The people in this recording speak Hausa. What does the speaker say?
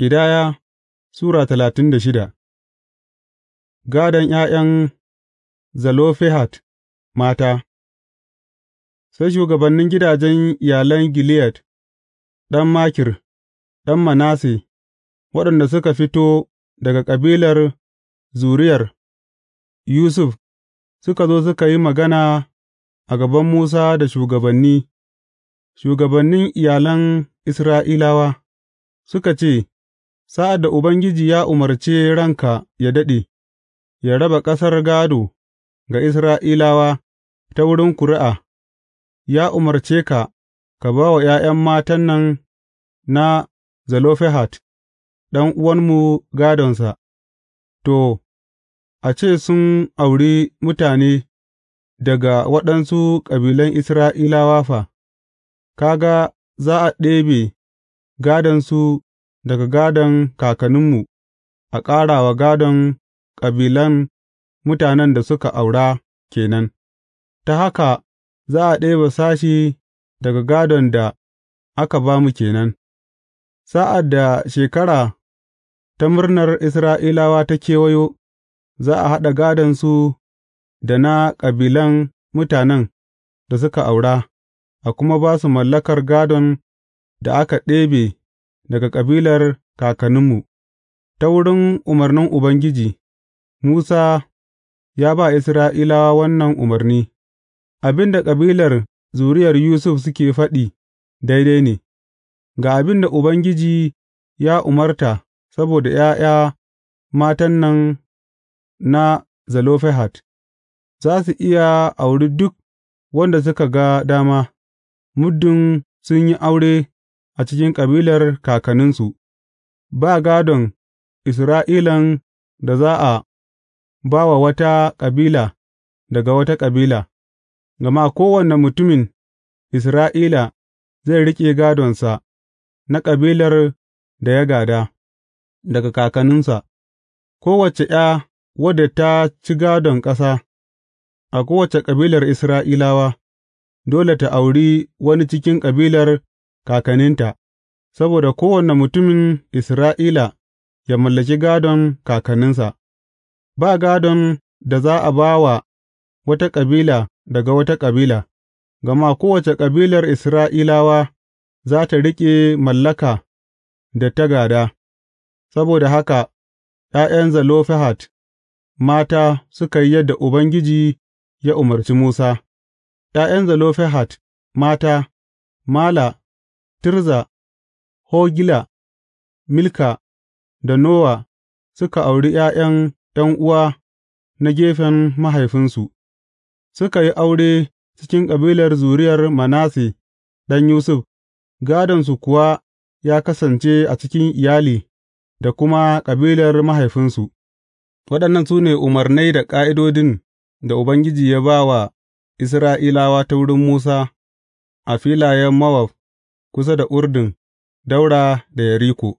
Ƙidaya Sura talatin da shida Gādon ’ya'yan Zelofehad mata Sai shugabannin gidajen iyalan Gileyad, ɗan Makir, ɗan Manasse, waɗanda suka fito daga kabilar zuriyar Yusuf, suka zo suka yi magana a gaban Musa da shugabanni, shugabannin iyalan Isra'ilawa, suka ce, Sa'ad da Ubangiji ya umarce ranka yă daɗe, yă raba ƙasar gādo ga Isra'ilawa ta wurin ƙuri'a, ya umarce ka ka ba wa ’ya'yan matan nan na Zelofehad, uwanmu gādonsa, to, a ce sun auri mutane daga waɗansu kabilan Isra'ilawa fa, ka ga za a ɗebe gādonsu daga gādon kakanninmu a ƙara wa gādon kabilan mutanen da suka aura ke nan, ta haka za a ɗebe sashi daga gādon da aka ba mu ke nan, sa'ad da shekara ta murnar Isra'ilawa ta kewayo, za a haɗa gādonsu da na ƙabilan mutanen da suka aura, a kuma ba su mallakar gādon da aka ɗebe. daga kabilar kakanninmu, ta wurin umarnin Ubangiji, Musa ya ba Isra'ilawa wannan umarni, Abin da kabilar zuriyar Yusuf suke faɗi daidai ne, ga abin da Ubangiji ya umarta saboda ’ya'ya matan nan na Zelofehad, za su iya auri duk wanda suka ga dama, muddin sun yi aure a cikin kabilar kakanninsu, ba gādon Isra'ilan da za a ba wa wata kabila daga wata kabila, gama kowane mutumin Isra'ila zai riƙe gādonsa na kabilar da ya gāda, daga kakanninsa, kowace ’ya wadda ta ci gādon ƙasa a kowace kabilar Isra'ilawa, dole ta auri wani cikin kabilar kakanninta, saboda kowane mutumin Isra'ila ya mallaki gādon kakanninsa, ba gādon da za a ba wa wata kabila daga wata kabila, gama kowace kabilar Isra'ilawa za ta riƙe mallaka da ta gāda, saboda haka ’ya'yan Zelofehad mata suka yi yadda Ubangiji ya umarci Musa, ’ya'yan Zelofehad mata, Mala. Tirza, Hogila, Milka da Nowa suka auri ’ya'yan ’yan'uwa na gefen mahaifinsu, suka yi aure cikin ƙabilar zuriyar Manasse ɗan Yusuf, gādonsu kuwa ya kasance a cikin iyali da kuma ƙabilar mahaifinsu, Waɗannan su ne umarnai da ƙa'idodin da Ubangiji ya ba wa Isra'ilawa ta wurin Musa a filayen Mowab. kusa da Urdun, ɗaura da Yeriko.